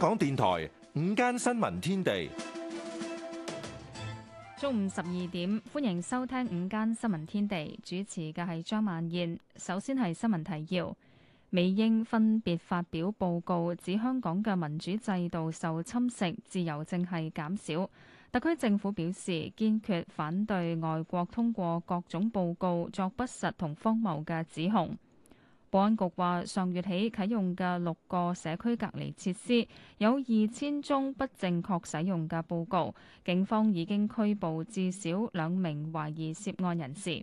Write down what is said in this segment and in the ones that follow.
港電台午間新聞天地，中午十二點。歡迎收聽午間新聞天地，主持嘅係張曼燕。首先係新聞提要：美英分別發表報告，指香港嘅民主制度受侵蝕，自由正係減少。特區政府表示堅決反對外國通過各種報告作不實同荒謬嘅指控。保安局話：上月起啟用嘅六個社區隔離設施有二千宗不正確使用嘅報告，警方已經拘捕至少兩名懷疑涉案人士。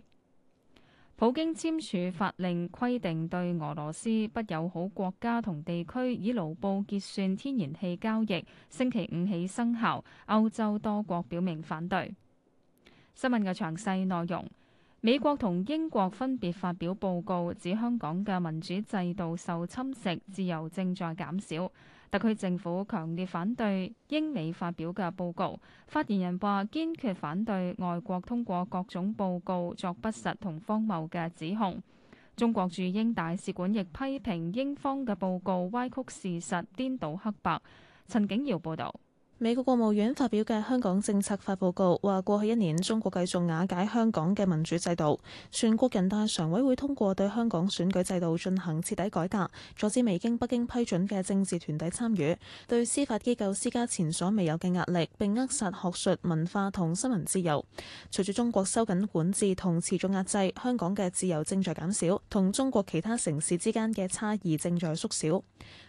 普京簽署法令，規定對俄羅斯不友好國家同地區以盧布結算天然氣交易，星期五起生效。歐洲多國表明反對。新聞嘅詳細內容。美國同英國分別發表報告，指香港嘅民主制度受侵蝕，自由正在減少。特區政府強烈反對英美發表嘅報告，發言人話堅決反對外國通過各種報告作不實同荒謬嘅指控。中國駐英大使館亦批評英方嘅報告歪曲事實、顛倒黑白。陳景堯報道。美國國務院發表嘅《香港政策法》報告，話過去一年中國繼續瓦解香港嘅民主制度。全國人大常委會通過對香港選舉制度進行徹底改革，阻止未經北京批准嘅政治團體參與，對司法機構施加前所未有嘅壓力，並扼殺學術、文化同新聞自由。隨住中國收緊管治同持續壓制，香港嘅自由正在減少，同中國其他城市之間嘅差異正在縮小。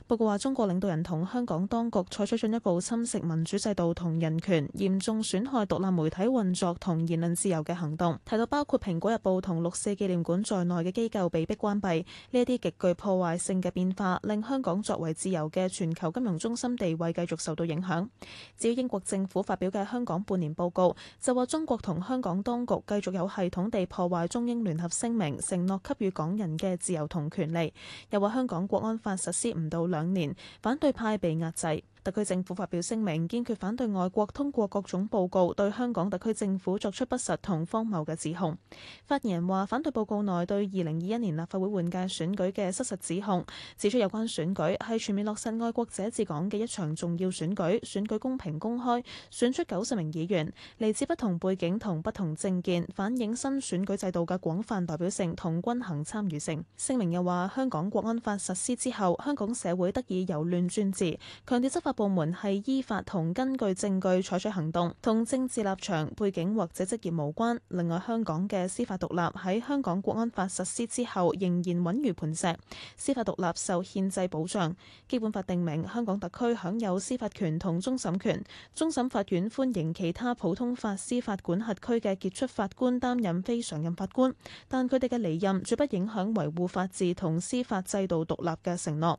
報告話中國領導人同香港當局採取進一步侵蝕民民主制度同人權，嚴重損害獨立媒體運作同言論自由嘅行動，提到包括《蘋果日報》同六四紀念館在內嘅機構被迫關閉，呢一啲極具破壞性嘅變化，令香港作為自由嘅全球金融中心地位繼續受到影響。至於英國政府發表嘅香港半年報告，就話中國同香港當局繼續有系統地破壞中英聯合聲明，承諾給予港人嘅自由同權利，又話香港國安法實施唔到兩年，反對派被壓制。特區政府發表聲明，堅決反對外國通過各種報告對香港特區政府作出不實同荒謬嘅指控。發言人話：反對報告內對二零二一年立法會換屆選舉嘅失實指控，指出有關選舉係全面落實愛國者治港嘅一場重要選舉，選舉公平公開，選出九十名議員，嚟自不同背景同不同政見，反映新選舉制度嘅廣泛代表性同均衡參與性。聲明又話：香港國安法實施之後，香港社會得以由亂轉治，強調執法。部門係依法同根據證據採取行動，同政治立場、背景或者職業無關。另外，香港嘅司法獨立喺香港國安法實施之後仍然穩如磐石，司法獨立受憲制保障。基本法定明香港特區享有司法權同終審權，終審法院歡迎其他普通法司法管轄區嘅傑出法官擔任非常任法官，但佢哋嘅離任絕不影響維護法治同司法制度獨立嘅承諾。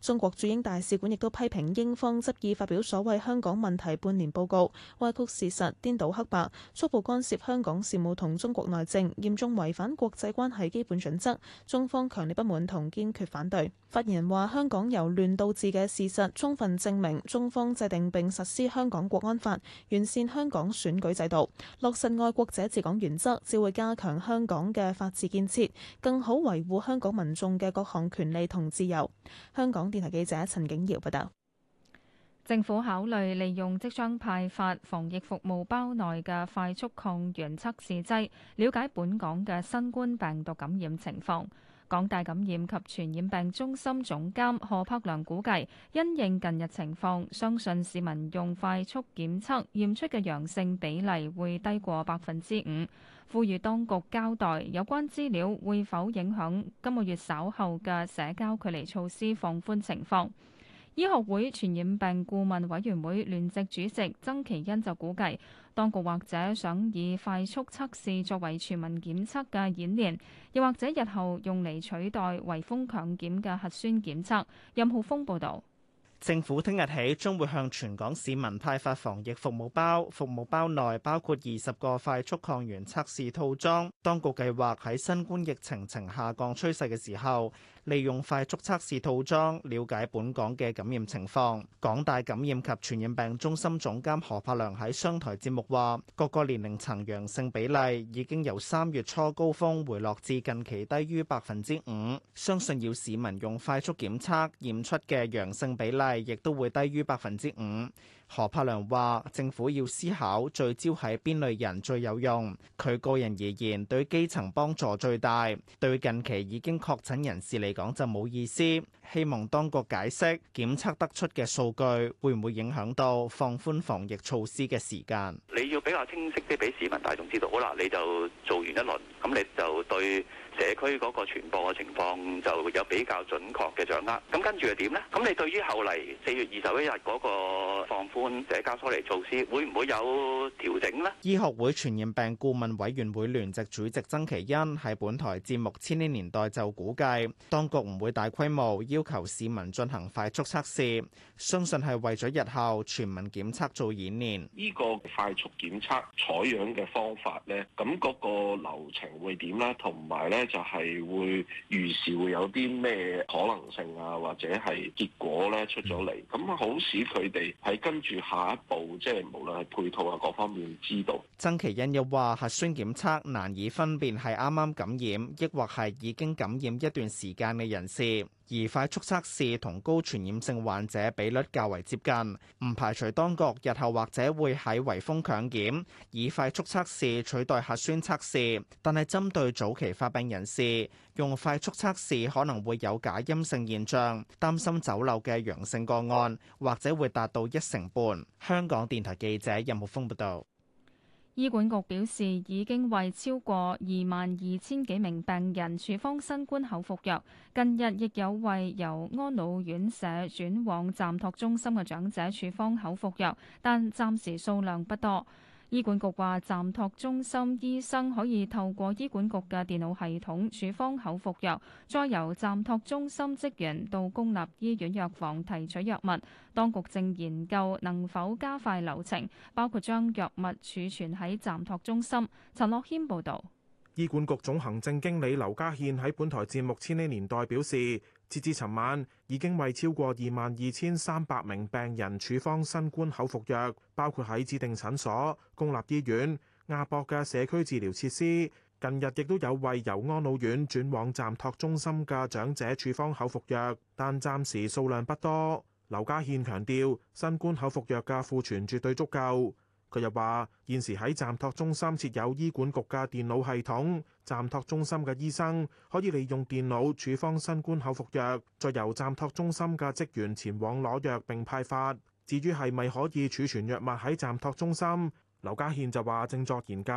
中國駐英大使館亦都批評英方執意發表所謂香港問題半年報告，歪曲事實、顛倒黑白，初步干涉香港事務同中國內政，嚴重違反國際關係基本準則。中方強烈不滿同堅決反對。發言人話：香港由亂到治嘅事實，充分證明中方制定並實施香港國安法，完善香港選舉制度，落實愛國者治港原則，只會加強香港嘅法治建設，更好維護香港民眾嘅各項權利同自由。香港電台記者陳景堯報道，政府考慮利用即將派發防疫服務包內嘅快速抗原測試劑，了解本港嘅新冠病毒感染情況。港大感染及傳染病中心總監何柏良估計，因應近日情況，相信市民用快速檢測驗出嘅陽性比例會低過百分之五。呼籲當局交代有關資料會否影響今個月稍後嘅社交距離措施放寬情況。醫學會傳染病顧問委員會聯席主席曾祈殷就估計，當局或者想以快速測試作為全民檢測嘅演練，又或者日後用嚟取代圍封強檢嘅核酸檢測。任浩峰報道，政府聽日起將會向全港市民派發防疫服務包，服務包內包括二十個快速抗原測試套裝。當局計劃喺新冠疫情呈下降趨勢嘅時候。利用快速測試套裝了解本港嘅感染情況。港大感染及傳染病中心總監何柏良喺商台節目話，各個年齡層陽性比例已經由三月初高峰回落至近期低於百分之五，相信要市民用快速檢測驗出嘅陽性比例亦都會低於百分之五。何柏良話：政府要思考聚焦喺邊類人最有用。佢個人而言，對基層幫助最大。對近期已經確診人士嚟講就冇意思。希望當局解釋檢測得出嘅數據會唔會影響到放寬防疫措施嘅時間。你要比較清晰啲畀市民大眾知道，好啦，你就做完一輪，咁你就對。社區嗰個傳播嘅情況就有比較準確嘅掌握，咁跟住又點咧？咁你對於後嚟四月二十一日嗰個放寬社交疏離措施，會唔會有調整咧？醫學會傳染病顧問委員會聯席主席曾其恩喺本台節目千禧年代就估計，當局唔會大規模要求市民進行快速測試，相信係為咗日後全民檢測做演練。呢個快速檢測採樣嘅方法咧，咁嗰個流程會點咧？同埋咧。就係會預示會有啲咩可能性啊，或者係結果咧出咗嚟，咁好使佢哋喺跟住下一步，即係無論係配套啊各方面知道。曾其欣又話：核酸檢測難以分辨係啱啱感染，抑或係已經感染一段時間嘅人士。而快速測試同高傳染性患者，比率較為接近，唔排除當局日後或者會喺圍封強檢，以快速測試取代核酸測試，但係針對早期發病人士用快速測試可能會有假陰性現象，擔心走漏嘅陽性個案或者會達到一成半。香港電台記者任木豐報道。有醫管局表示，已經為超過二萬二千幾名病人處方新冠口服藥，近日亦有為由安老院舍轉往暫托中心嘅長者處方口服藥，但暫時數量不多。醫管局話，暫託中心醫生可以透過醫管局嘅電腦系統處方口服藥，再由暫託中心職員到公立醫院藥房提取藥物。當局正研究能否加快流程，包括將藥物儲存喺暫託中心。陳樂謙報導。醫管局總行政經理劉家憲喺本台節目《千禧年代》表示。截至尋晚，已經為超過二萬二千三百名病人處方新冠口服藥，包括喺指定診所、公立醫院、亞博嘅社區治療設施。近日亦都有為由安老院轉往暫托中心嘅長者處方口服藥，但暫時數量不多。劉家獻強調，新冠口服藥嘅庫存絕對足夠。佢又話，現時喺暫托中心設有醫管局嘅電腦系統。站托中心嘅醫生可以利用電腦處方新冠口服藥，再由站托中心嘅職員前往攞藥並派發。至於係咪可以儲存藥物喺站托中心，劉家憲就話正作研究。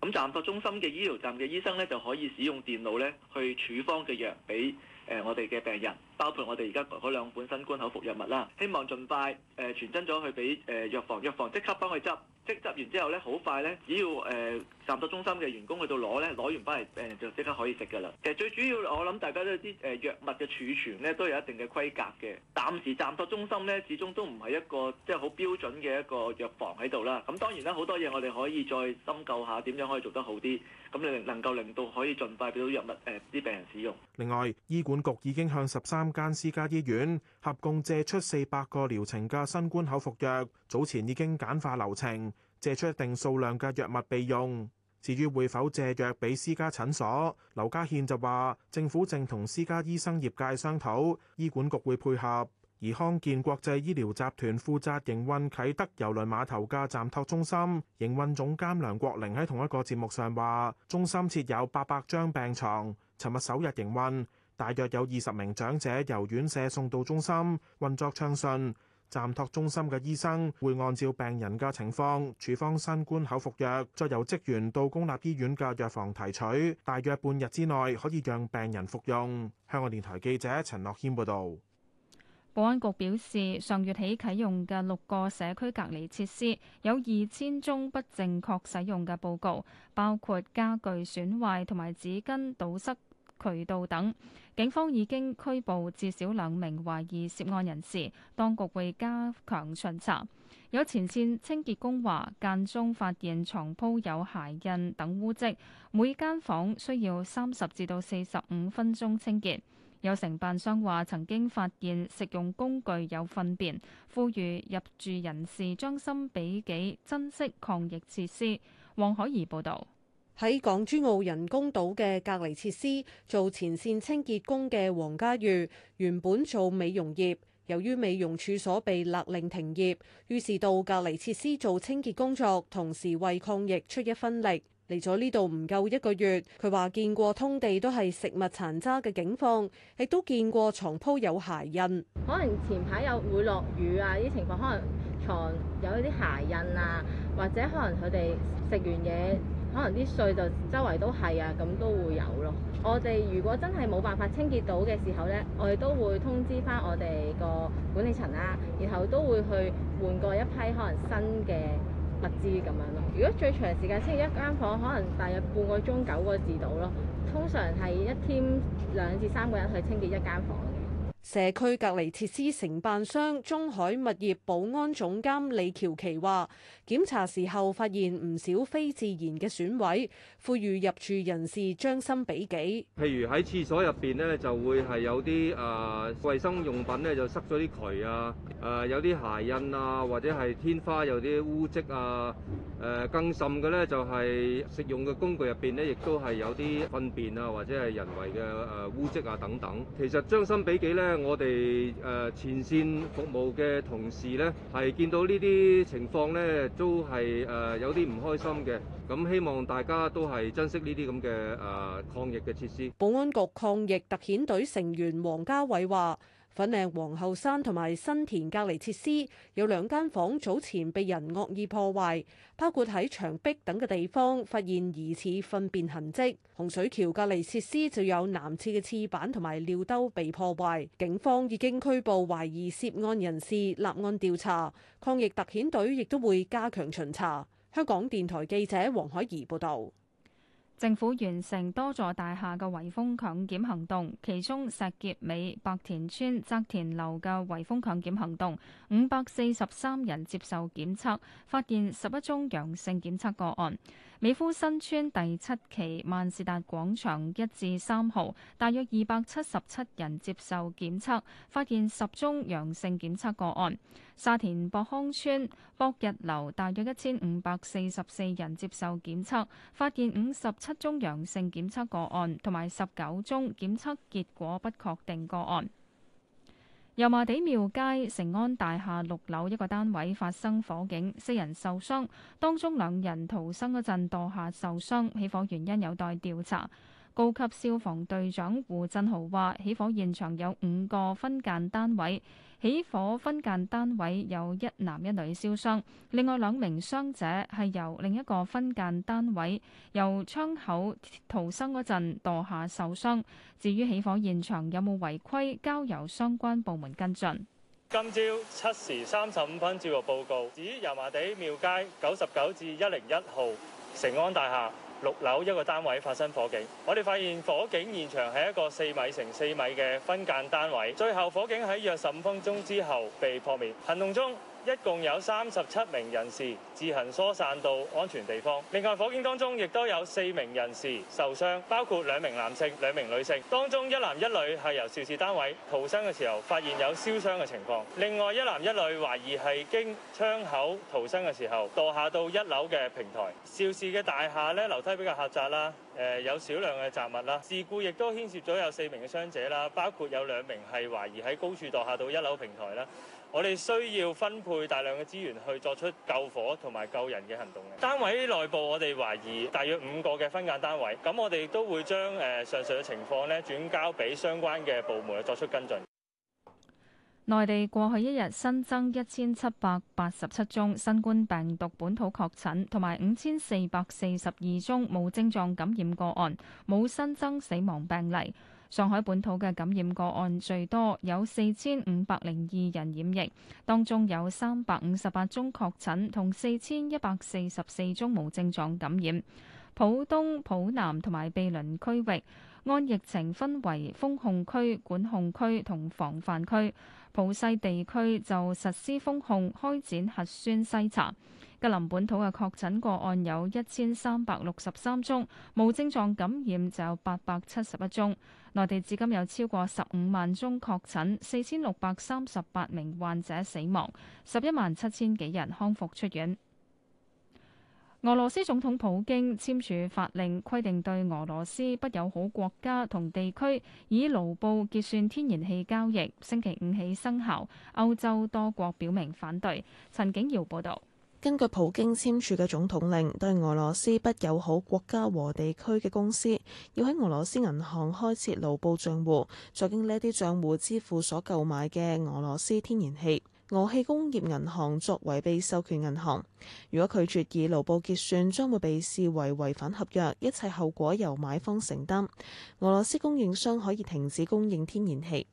咁站托中心嘅醫療站嘅醫生咧就可以使用電腦咧去處方嘅藥俾誒我哋嘅病人，包括我哋而家嗰兩款新冠口服藥物啦。希望盡快誒傳真咗去俾誒藥房，藥房即刻幫佢執。執完之後咧，好快咧，只要誒暫託中心嘅員工去到攞咧，攞完翻嚟誒就即刻可以食㗎啦。其實最主要我諗大家都啲誒、呃、藥物嘅儲存咧都有一定嘅規格嘅。暫時暫託中心咧，始終都唔係一個即係好標準嘅一個藥房喺度啦。咁當然啦，好多嘢我哋可以再深究下點樣可以做得好啲。咁你能夠令到可以盡快俾到藥物俾啲病人使用。另外，醫管局已經向十三間私家醫院合共借出四百個療程嘅新冠口服藥，早前已經簡化流程，借出一定數量嘅藥物備用。至於會否借藥俾私家診所，劉家獻就話政府正同私家醫生業界商討，醫管局會配合。而康健國際醫療集團負責營運啟德郵輪碼頭嘅暫托中心營運總監梁國玲喺同一個節目上話，中心設有八百張病牀，尋日首日營運大約有二十名長者由院舍送到中心，運作暢順。暫托中心嘅醫生會按照病人嘅情況處方新冠口服藥，再由職員到公立醫院嘅藥房提取，大約半日之內可以讓病人服用。香港電台記者陳樂謙報道。保安局表示，上月起啟用嘅六個社區隔離設施，有二千宗不正確使用嘅報告，包括家具損壞同埋紙巾堵塞渠道等。警方已經拘捕至少兩名懷疑涉案人士，當局會加強巡查。有前線清潔工話，間中發現床鋪有鞋印等污漬，每間房間需要三十至到四十五分鐘清潔。有承辦商話曾經發現食用工具有糞便，呼籲入住人士將心比己，珍惜抗疫設施。黃海怡報導。喺港珠澳人工島嘅隔離設施做前線清潔工嘅黃家裕，原本做美容業，由於美容處所被勒令停業，於是到隔離設施做清潔工作，同時為抗疫出一分力。嚟咗呢度唔夠一個月，佢話見過通地都係食物殘渣嘅景況，亦都見過床鋪有鞋印。可能前排有會落雨啊，呢啲情況可能床有啲鞋印啊，或者可能佢哋食完嘢，可能啲碎就周圍都係啊，咁都會有咯。我哋如果真係冇辦法清潔到嘅時候呢，我哋都會通知返我哋個管理層啦，然後都會去換過一批可能新嘅。物資咁樣咯。如果最長時間清一間房，可能大約半個鐘、九個字到咯。通常係一天兩至三個人去清潔一間房。社區隔離設施承辦商，中海物業保安總監李喬琪話。檢查時候發現唔少非自然嘅損毀，呼籲入住人士將心比己。譬如喺廁所入邊咧，就會係有啲誒衞生用品咧就塞咗啲渠啊，誒有啲鞋印啊，或者係天花有啲污漬啊。誒更甚嘅咧就係食用嘅工具入邊咧，亦都係有啲糞便啊，或者係人為嘅誒污漬啊等等。其實將心比己咧，我哋誒前線服務嘅同事咧係見到呢啲情況咧。都係誒有啲唔開心嘅，咁希望大家都係珍惜呢啲咁嘅誒抗疫嘅設施。保安局抗疫特遣隊成員黃家偉話。粉嶺皇后山同埋新田隔離設施有兩間房間早前被人惡意破壞，包括喺牆壁等嘅地方發現疑似糞便痕迹。洪水橋隔離設施就有男廁嘅廁板同埋尿兜被破壞，警方已經拘捕懷疑涉，涉案人士立案調查，抗疫特遣隊亦都會加強巡查。香港電台記者黃海怡報道。政府完成多座大廈嘅圍封強檢行動，其中石硤尾、白田村、澤田樓嘅圍封強檢行動，五百四十三人接受檢測，發現十一宗陽性檢測個案。美孚新村第七期萬事達廣場一至三號，大約二百七十七人接受檢測，發現十宗陽性檢測個案。沙田博康村博日樓，大約一千五百四十四人接受檢測，發現五十七宗陽性檢測個案，同埋十九宗檢測結果不確定個案。油麻地廟街成安大廈六樓一個單位發生火警，四人受傷，當中兩人逃生嗰陣墮下受傷，起火原因有待調查。高級消防隊長胡振豪話，起火現場有五個分間單位。起火分間單位有一男一女燒傷，另外兩名傷者係由另一個分間單位由窗口逃生嗰陣墮下受傷。至於起火現場有冇違規，交由相關部門跟進。今朝七時三十五分接獲報告，指油麻地廟街九十九至一零一號成安大廈。六樓一個單位發生火警，我哋發現火警現場係一個四米乘四米嘅分間單位，最後火警喺約十五分鐘之後被撲滅。行動中。一共有三十七名人士自行疏散到安全地方。另外火警當中亦都有四名人士受傷，包括兩名男性，兩名女性。當中一男一女係由肇事單位逃生嘅時候，發現有燒傷嘅情況，另外一男一女懷疑係經窗口逃生嘅時候墮下到一樓嘅平台。肇事嘅大廈咧樓梯比較狹窄啦，誒、呃、有少量嘅雜物啦。事故亦都牽涉咗有四名嘅傷者啦，包括有兩名係懷疑喺高處墮下到一樓平台啦。我哋需要分配大量嘅資源去作出救火同埋救人嘅行動。嘅單位內部，我哋懷疑大約五個嘅分揀單位。咁我哋都會將誒上述嘅情況咧轉交俾相關嘅部門作出跟進。內地過去一日新增一千七百八十七宗新冠病毒本土確診同埋五千四百四十二宗冇症狀感染個案，冇新增死亡病例。上海本土嘅感染個案最多，有四千五百零二人染疫，當中有三百五十八宗確診同四千一百四十四宗無症狀感染。浦東浦南同埋毗鄰區域按疫情分為封控區、管控區同防範區，浦西地區就實施封控，開展核酸篩查。吉林本土嘅確診個案有一千三百六十三宗，無症狀感染就有八百七十一宗。內地至今有超過十五萬宗確診，四千六百三十八名患者死亡，十一萬七千幾人康復出院。俄羅斯總統普京簽署法令，規定對俄羅斯不友好國家同地區以盧布結算天然氣交易，星期五起生效。歐洲多國表明反對。陳景堯報道。根據普京簽署嘅總統令，對俄羅斯不友好國家和地區嘅公司要喺俄羅斯銀行開設盧布賬戶，再經呢一啲賬戶支付所購買嘅俄羅斯天然氣。俄氣工業銀行作為被授權銀行，如果拒絕以盧布結算，將會被視為違反合約，一切後果由買方承擔。俄羅斯供應商可以停止供應天然氣。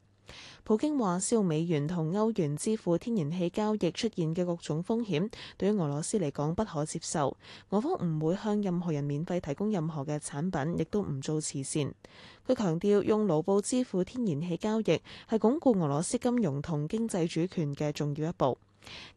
普京話，使用美元同歐元支付天然氣交易出現嘅各種風險，對於俄羅斯嚟講不可接受。俄方唔會向任何人免費提供任何嘅產品，亦都唔做慈善。佢強調，用盧布支付天然氣交易係鞏固俄羅斯金融同經濟主權嘅重要一步。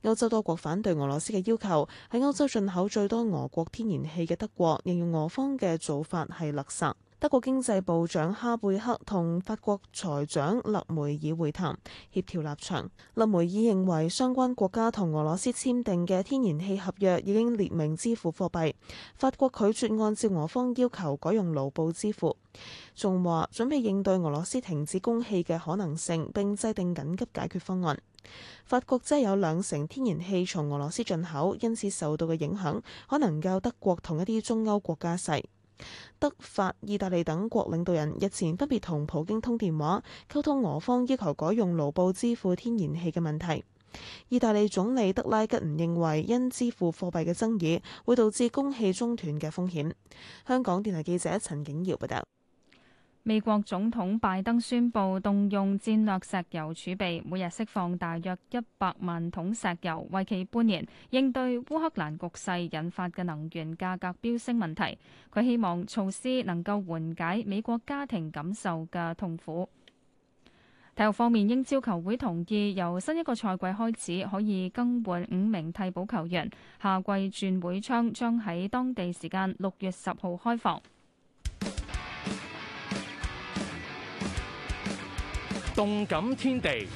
歐洲多國反對俄羅斯嘅要求，喺歐洲進口最多俄國天然氣嘅德國，認為俄方嘅做法係勒索。德國經濟部長哈貝克同法國財長勒梅爾會談，協調立場。勒梅爾認為相關國家同俄羅斯簽訂嘅天然氣合約已經列明支付貨幣，法國拒絕按照俄方要求改用盧布支付，仲話準備應對俄羅斯停止供氣嘅可能性，並制定緊急解決方案。法國即有兩成天然氣從俄羅斯進口，因此受到嘅影響可能較德國同一啲中歐國家細。德法、意大利等國領導人日前分別同普京通電話，溝通俄方要求改用盧布支付天然氣嘅問題。意大利總理德拉吉唔認為因支付貨幣嘅爭議會導致供氣中斷嘅風險。香港電台記者陳景堯報道。美國總統拜登宣佈動用戰略石油儲備，每日釋放大約一百萬桶石油，為期半年，應對烏克蘭局勢引發嘅能源價格飆升問題。佢希望措施能夠緩解美國家庭感受嘅痛苦。體育方面，英超球會同意由新一個賽季開始可以更換五名替補球員，下季轉會窗將喺當地時間六月十號開放。動感天地，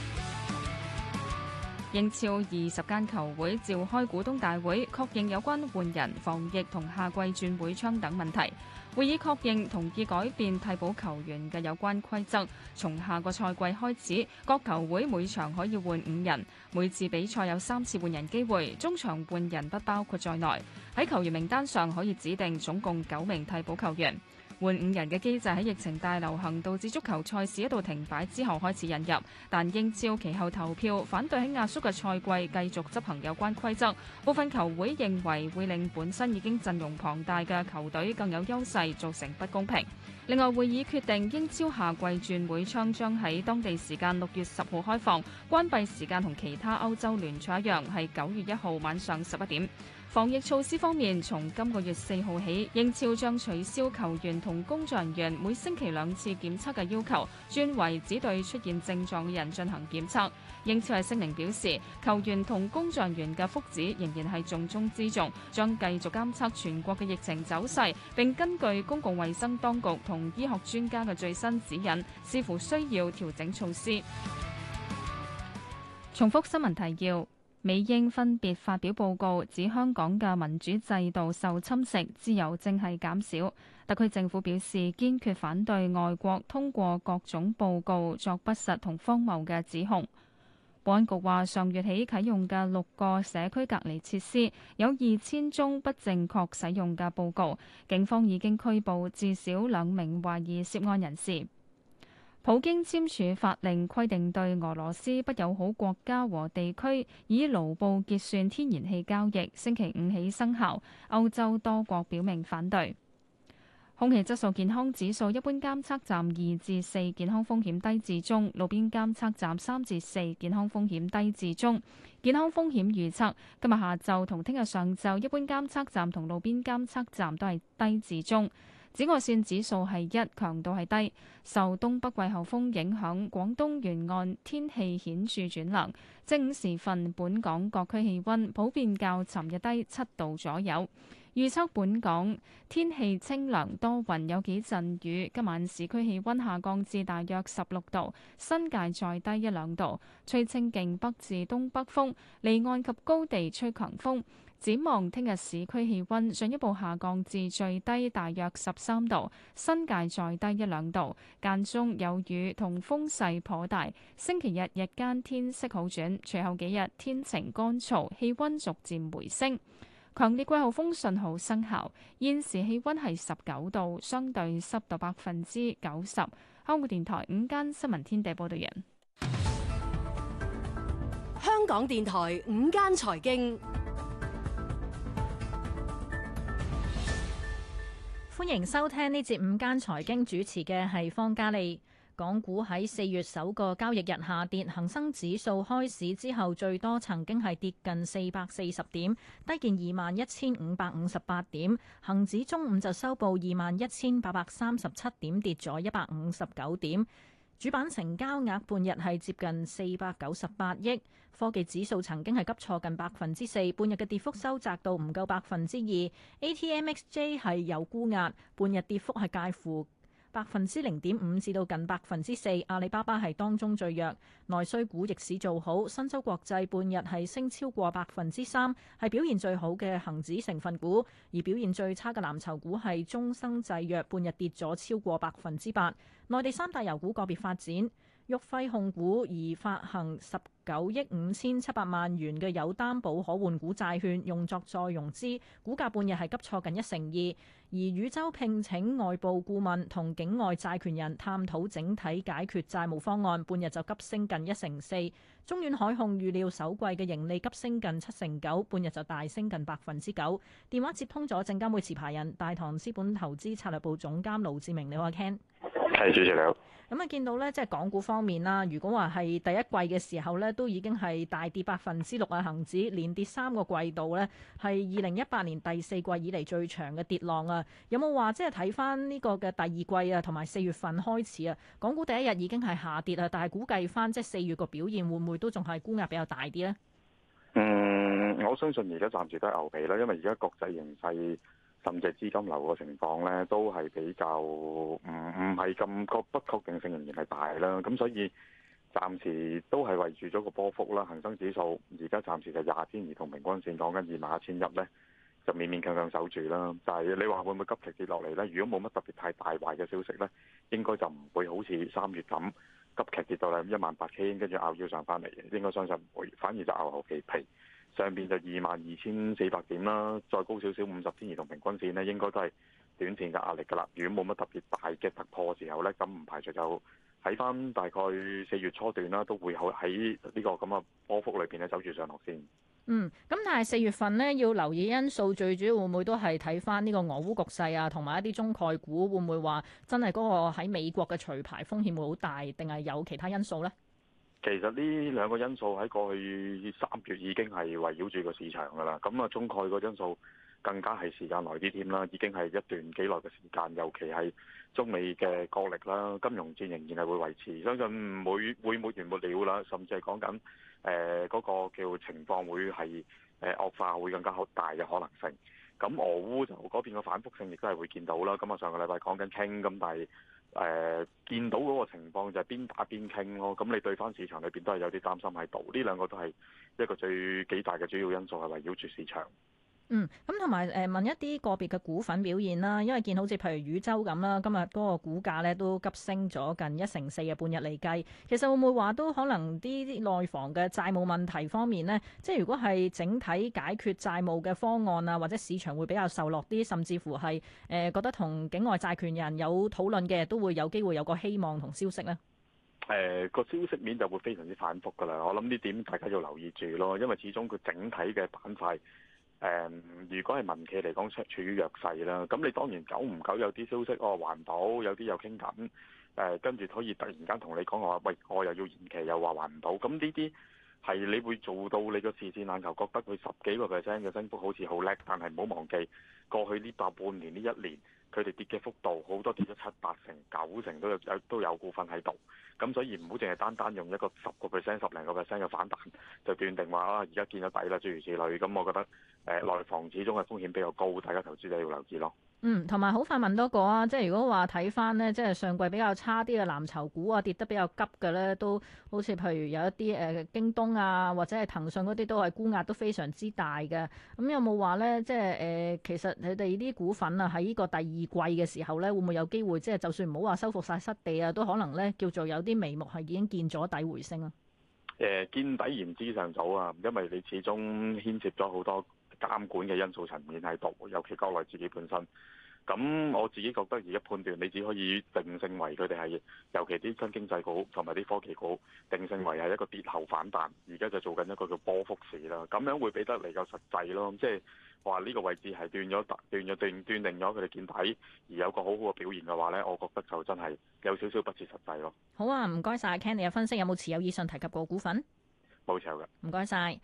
英超二十間球會召開股東大會，確認有關換人、防疫同下季轉會窗等問題。會議確認同意改變替補球員嘅有關規則，從下個賽季開始，各球會每場可以換五人，每次比賽有三次換人機會，中場換人不包括在內。喺球員名單上可以指定總共九名替補球員。換五人嘅機制，喺疫情大流行導致足球賽事一度停擺之後開始引入，但英超其後投票反對喺壓縮嘅賽季繼續執行有關規則，部分球會認為會令本身已經陣容龐大嘅球隊更有優勢，造成不公平。另外會議決定，英超夏季轉會窗將喺當地時間六月十號開放，關閉時間同其他歐洲聯賽一樣，係九月一號晚上十一點。防疫措施方面，從今個月四號起，英超將取消球員同工作人員每星期兩次檢測嘅要求，轉為只對出現症狀嘅人進行檢測。英超喺聲明表示，球員同工作人員嘅福祉仍然係重中之重，將繼續監測全國嘅疫情走勢，並根據公共衛生當局同醫學專家嘅最新指引，視乎需要調整措施。重複新聞提要。美英分別發表報告，指香港嘅民主制度受侵蝕，自由正係減少。特區政府表示堅決反對外國通過各種報告作不實同荒謬嘅指控。保安局話，上月起啟用嘅六個社區隔離設施有二千宗不正確使用嘅報告，警方已經拘捕至少兩名懷疑涉案人士。普京簽署法令規定，對俄羅斯不友好國家和地區以盧布結算天然氣交易。星期五起生效。歐洲多國表明反對。空氣質素健康指數，一般監測站二至四，健康風險低至中；路邊監測站三至四，健康風險低至中。健康風險預測：今日下晝同聽日上晝，一般監測站同路邊監測站都係低至中。紫外線指數係一，強度係低。受東北季候風影響，廣東沿岸天氣顯著轉涼。正午時分，本港各區氣温普遍較尋日低七度左右。預測本港天氣清涼多雲，有幾陣雨。今晚市區氣温下降至大約十六度，新界再低一兩度。吹清勁北至東北風，離岸及高地吹強風。展望聽日市區氣温進一步下降至最低大約十三度，新界再低一兩度，間中有雨同風勢頗大。星期日日間天色好轉，隨後幾日天晴乾燥，氣温逐漸回升。強烈季候風信號生效，現時氣温係十九度，相對濕度百分之九十。香港電台午間新聞天地報道人，香港電台午間財經。歡迎收聽呢節午間財經，主持嘅係方嘉利。港股喺四月首個交易日下跌，恒生指數開市之後最多曾經係跌近四百四十點，低見二萬一千五百五十八點。恒指中午就收報二萬一千八百三十七點，跌咗一百五十九點。主板成交額半日係接近四百九十八億，科技指數曾經係急挫近百分之四，半日嘅跌幅收窄到唔夠百分之二。ATMXJ 係有沽壓，半日跌幅係介乎百分之零點五至到近百分之四。阿里巴巴係當中最弱，內需股逆市做好，新洲國際半日係升超過百分之三，係表現最好嘅恒指成分股。而表現最差嘅藍籌股係中生製藥，半日跌咗超過百分之八。內地三大油股個別發展。玉輝控股而發行十九億五千七百萬元嘅有擔保可換股債券，用作再融資，股價半日係急挫近一成二；而禹洲聘請外部顧問同境外債權人探討整體解決債務方案，半日就急升近一成四。中遠海控預料首季嘅盈利急升近七成九，半日就大升近百分之九。電話接通咗證監會持牌人大唐資本投資策略部總監盧志明，你好，阿 Ken。係主持人你好。咁啊，見到咧，即係港股方面啦。如果話係第一季嘅時候咧，都已經係大跌百分之六啊，恒指連跌三個季度咧，係二零一八年第四季以嚟最長嘅跌浪啊。有冇話即係睇翻呢個嘅第二季啊，同埋四月份開始啊，港股第一日已經係下跌啊。但係估計翻即係四月個表現，會唔會都仲係沽壓比較大啲呢？嗯，我相信而家暫時都係牛皮啦，因為而家國際形勢。甚至資金流嘅情況咧，都係比較唔唔係咁確，不確定性仍然係大啦。咁所以暫時都係圍住咗個波幅啦。恒生指數而家暫時就廿天移動平均線講緊二萬一千一咧，就勉勉強強守住啦。但係你話會唔會急劇跌落嚟咧？如果冇乜特別太大壞嘅消息咧，應該就唔會好似三月咁急劇跌到嚟一萬八千，跟住拗腰上翻嚟嘅。應該相信會反而就拗後幾皮。上邊就二萬二千四百點啦，再高少少五十天移動平均線咧，應該都係短線嘅壓力㗎啦。如果冇乜特別大嘅突破嘅時候咧，咁唔排除就睇翻大概四月初段啦，都會喺呢個咁嘅波幅裏邊咧走住上落先。嗯，咁但係四月份呢，要留意因素，最主要會唔會都係睇翻呢個俄烏局勢啊，同埋一啲中概股會唔會話真係嗰個喺美國嘅除牌風險會好大，定係有其他因素咧？其實呢兩個因素喺過去三月已經係圍繞住個市場㗎啦，咁啊中概個因素更加係時間耐啲添啦，已經係一段幾耐嘅時間，尤其係中美嘅角力啦、金融戰仍然係會維持，相信唔會會沒完沒了啦，甚至係講緊誒嗰個叫情況會係誒、呃、惡化，會更加好大嘅可能性。咁俄烏就嗰邊嘅反覆性亦都係會見到啦。咁啊上個禮拜講緊傾咁，但係。誒、呃、見到嗰個情況就係邊打邊傾咯，咁、哦、你對翻市場裏邊都係有啲擔心喺度，呢兩個都係一個最幾大嘅主要因素係圍繞住市場。嗯，咁同埋誒問一啲個別嘅股份表現啦，因為見好似譬如禹洲咁啦，今日嗰個股價咧都急升咗近一成四嘅半日嚟計。其實會唔會話都可能啲內房嘅債務問題方面呢？即係如果係整體解決債務嘅方案啊，或者市場會比較受落啲，甚至乎係誒、呃、覺得同境外債權人有討論嘅，都會有機會有個希望同消息呢。誒、呃，個消息面就會非常之反覆噶啦，我諗呢點大家要留意住咯，因為始終佢整體嘅板塊。誒、嗯，如果係民企嚟講，處於弱勢啦，咁你當然久唔久有啲消息，我、哦、還唔到，有啲有傾緊，誒、呃，跟住可以突然間同你講話，喂，我又要延期，又話還唔到，咁呢啲。係你會做到你個視線眼球覺得佢十幾個 percent 嘅升幅好似好叻，但係唔好忘記過去呢大半年呢一年佢哋跌嘅幅度好多跌咗七八成、九成都有都有股份喺度，咁所以唔好淨係單單用一個十個 percent、十零個 percent 嘅反彈就斷定話而家見咗底啦諸如此類，咁我覺得誒內、呃、房始終嘅風險比較高，大家投資者要留意咯。嗯，同埋好快問多個啊！即係如果話睇翻呢，即係上季比較差啲嘅藍籌股啊，跌得比較急嘅呢，都好似譬如有一啲誒、呃、京東啊，或者係騰訊嗰啲，都係沽壓都非常之大嘅。咁、嗯、有冇話呢？即係誒、呃，其實你哋啲股份啊，喺呢個第二季嘅時候呢，會唔會有機會，即係就算唔好話收復晒失地啊，都可能呢，叫做有啲眉目係已經見咗底回升啊？誒、呃，見底言之尚早啊，因為你始終牽涉咗好多。監管嘅因素層面喺度，尤其國內自己本身。咁我自己覺得而家判斷，你只可以定性為佢哋係，尤其啲新經濟股同埋啲科技股，定性為係一個跌後反彈。而家就做緊一個叫波幅市啦，咁樣會比得嚟夠實際咯。即係話呢個位置係斷咗，斷咗斷斷定咗佢哋見底，而有個好好嘅表現嘅話咧，我覺得就真係有少少不切實際咯。好啊，唔該晒。Ken 嘅分析有冇持有以上提及過股份？冇錯嘅。唔該晒。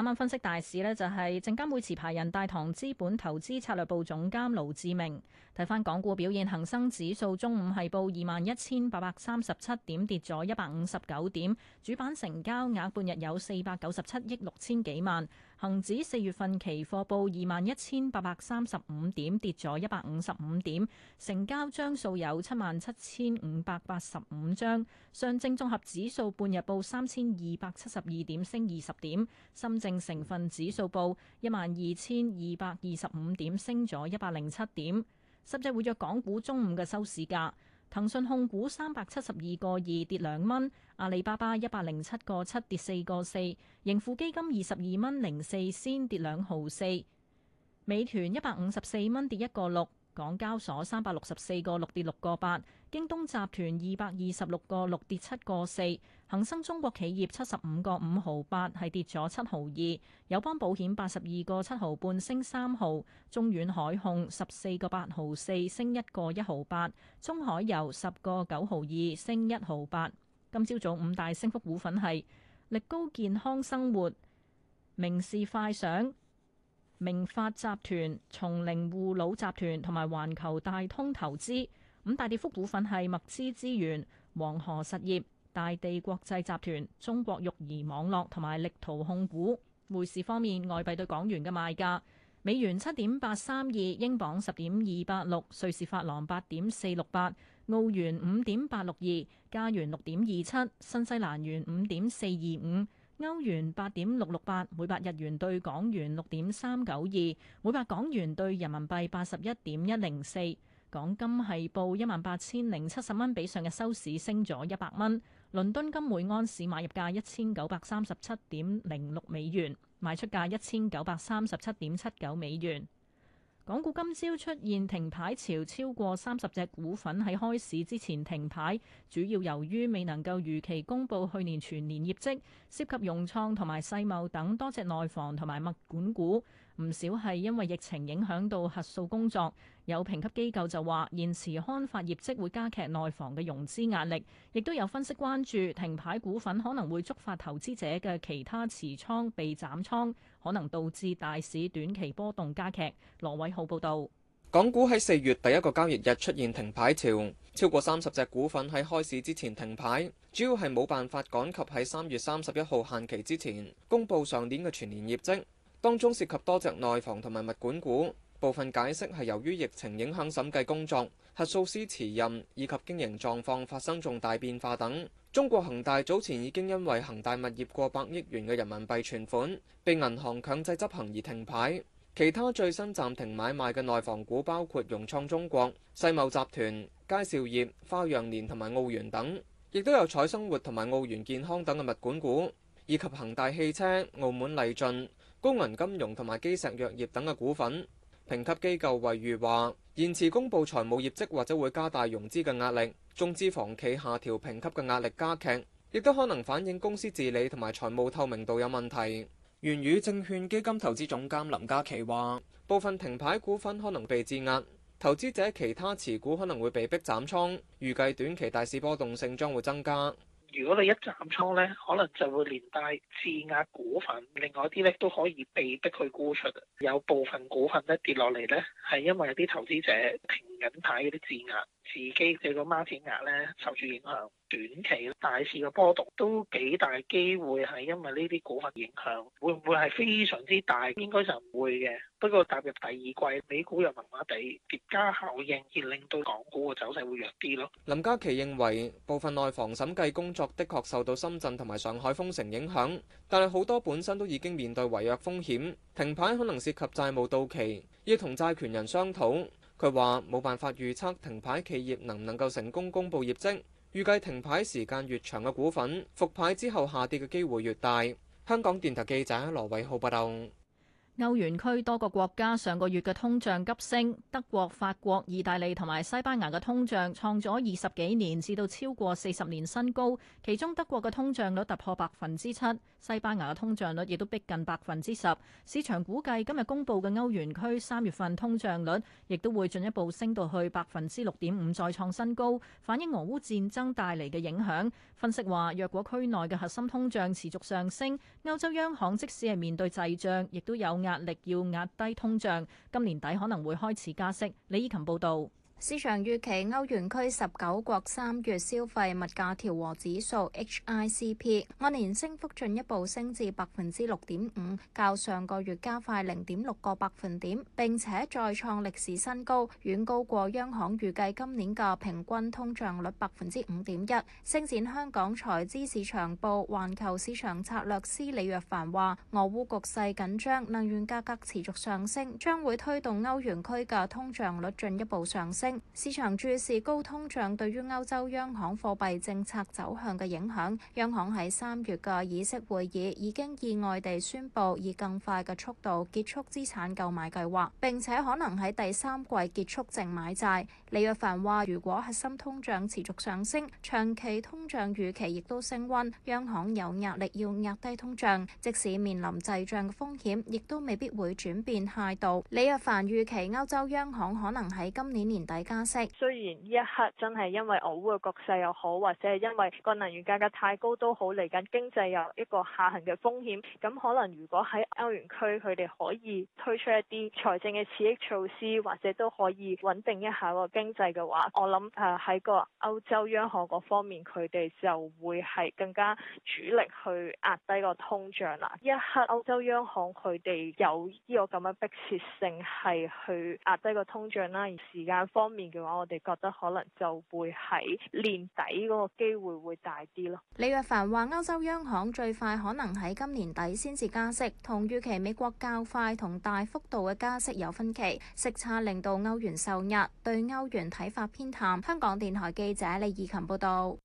啱啱分析大市呢，就係證監會持牌人大堂資本投資策略部總監盧志明睇翻港股表現，恒生指數中午係報二萬一千八百三十七點，跌咗一百五十九點，主板成交額半日有四百九十七億六千幾萬。恒指四月份期貨報二萬一千八百三十五點，跌咗一百五十五點，成交張數有七萬七千五百八十五張。上證綜合指數半日報三千二百七十二點，升二十點。深證成分指數報一萬二千二百二十五點，升咗一百零七點。實際會約港股中午嘅收市價。騰訊控股三百七十二個二跌兩蚊，阿里巴巴一百零七個七跌四個四，盈富基金二十二蚊零四先跌兩毫四，美團一百五十四蚊跌一個六。港交所三百六十四個六跌六個八，8, 京東集團二百二十六個六跌七個四，恒生中國企業七十五個五毫八係跌咗七毫二，友邦保險八十二個七毫半升三毫，中遠海控十四個八毫四升一個一毫八，8, 中海油十個九毫二升一毫八。8. 今朝早五大升幅股份係力高健康生活、明示快想。明發集團、松陵護老集團同埋環球大通投資，五大跌幅股份係麥資資源、黃河實業、大地國際集團、中國育兒網絡同埋力圖控股。匯市方面，外幣對港元嘅賣價：美元七點八三二，英鎊十點二八六，瑞士法郎八點四六八，澳元五點八六二，加元六點二七，新西蘭元五點四二五。歐元八點六六八，每百日元兌港元六點三九二，每百港元兌人民幣八十一點一零四。港金係報一萬八千零七十蚊，比上日收市升咗一百蚊。倫敦金每安士買入價一千九百三十七點零六美元，賣出價一千九百三十七點七九美元。港股今朝出現停牌潮，超過三十隻股份喺開市之前停牌，主要由於未能夠如期公佈去年全年業績，涉及融創同埋世茂等多隻內房同埋物管股，唔少係因為疫情影響到核數工作。有評級機構就話，延遲刊發業績會加劇內房嘅融資壓力，亦都有分析關注停牌股份可能會觸發投資者嘅其他持倉被斬倉。可能導致大市短期波動加劇。羅偉浩報道，港股喺四月第一個交易日出現停牌潮，超過三十隻股份喺開市之前停牌，主要係冇辦法趕及喺三月三十一號限期之前公佈上年嘅全年業績，當中涉及多隻內房同埋物管股。部分解釋係由於疫情影響審計工作、核數師辭任以及經營狀況發生重大變化等。中國恒大早前已經因為恒大物業過百億元嘅人民幣存款被銀行強制執行而停牌。其他最新暫停買賣嘅內房股包括融創中國、世茂集團、佳兆業、花樣年同埋奧園等，亦都有彩生活同埋奧園健康等嘅物管股，以及恒大汽車、澳門勵駿、高銀金融同埋基石藥業等嘅股份。評級機構惠譽話，延遲公布財務業績或者會加大融資嘅壓力，中資房企下調評級嘅壓力加劇，亦都可能反映公司治理同埋財務透明度有問題。源宇證券基金投資總監林嘉琪話，部分停牌股份可能被質押，投資者其他持股可能會被迫斬倉，預計短期大市波動性將會增加。如果你一斬倉咧，可能就會連帶質押股份，另外啲咧都可以被逼去沽出，有部分股份咧跌落嚟咧，係因為有啲投資者停緊牌嗰啲質押。自己嘅個孖展額咧受住影響，短期大市嘅波動都幾大機會係因為呢啲股份影響，會唔會係非常之大？應該就唔會嘅。不過踏入第二季，美股又麻麻地疊加效應，而令到港股嘅走勢會弱啲咯。林嘉琪認為，部分內房審計工作的確受到深圳同埋上海封城影響，但係好多本身都已經面對違約風險，停牌可能涉及債務到期，要同債權人商討。佢話：冇辦法預測停牌企業能唔能夠成功公布業績。預計停牌時間越長嘅股份，復牌之後下跌嘅機會越大。香港電台記者羅偉浩報道。歐元區多個國家上個月嘅通脹急升，德國、法國、意大利同埋西班牙嘅通脹創咗二十幾年至到超過四十年新高，其中德國嘅通脹率突破百分之七，西班牙嘅通脹率亦都逼近百分之十。市場估計今日公布嘅歐元區三月份通脹率，亦都會進一步升到去百分之六點五，再創新高，反映俄烏戰爭帶嚟嘅影響。分析話，若果區內嘅核心通脹持續上升，歐洲央行即使係面對滯脹，亦都有壓。壓力要壓低通脹，今年底可能會開始加息。李依琴報導。市場預期歐元區十九國三月消費物價調和指數 （HICP） 按年升幅進一步升至百分之六點五，較上個月加快零點六個百分點，並且再創歷史新高，遠高過央行預計今年嘅平均通脹率百分之五點一。星展香港財資市場部環球市場策略師李若凡話：俄烏局勢緊張，能源價格持續上升，將會推動歐元區嘅通脹率進一步上升。市場注視高通脹對於歐洲央行貨幣政策走向嘅影響。央行喺三月嘅議息會議已經意外地宣布以更快嘅速度結束資產購買計劃，並且可能喺第三季結束淨買債。李若凡話：如果核心通脹持續上升，長期通脹預期亦都升温，央行有壓力要壓低通脹，即使面臨滯脹嘅風險，亦都未必會轉變態度。李若凡預期歐洲央行可能喺今年年底。加息雖然呢一刻真係因為俄烏嘅局勢又好，或者係因為個能源價格太高都好，嚟緊經濟有一個下行嘅風險。咁可能如果喺歐元區佢哋可以推出一啲財政嘅刺激措施，或者都可以穩定一下個經濟嘅話，我諗誒喺個歐洲央行嗰方面，佢哋就會係更加主力去壓低個通脹啦。呢一刻歐洲央行佢哋有呢個咁樣迫切性係去壓低個通脹啦，而時間方。方面嘅話，我哋覺得可能就會喺年底嗰個機會會大啲咯。李若凡話，歐洲央行最快可能喺今年底先至加息，同預期美國較快同大幅度嘅加息有分歧，息差令到歐元受壓，對歐元睇法偏淡。香港電台記者李義琴報道。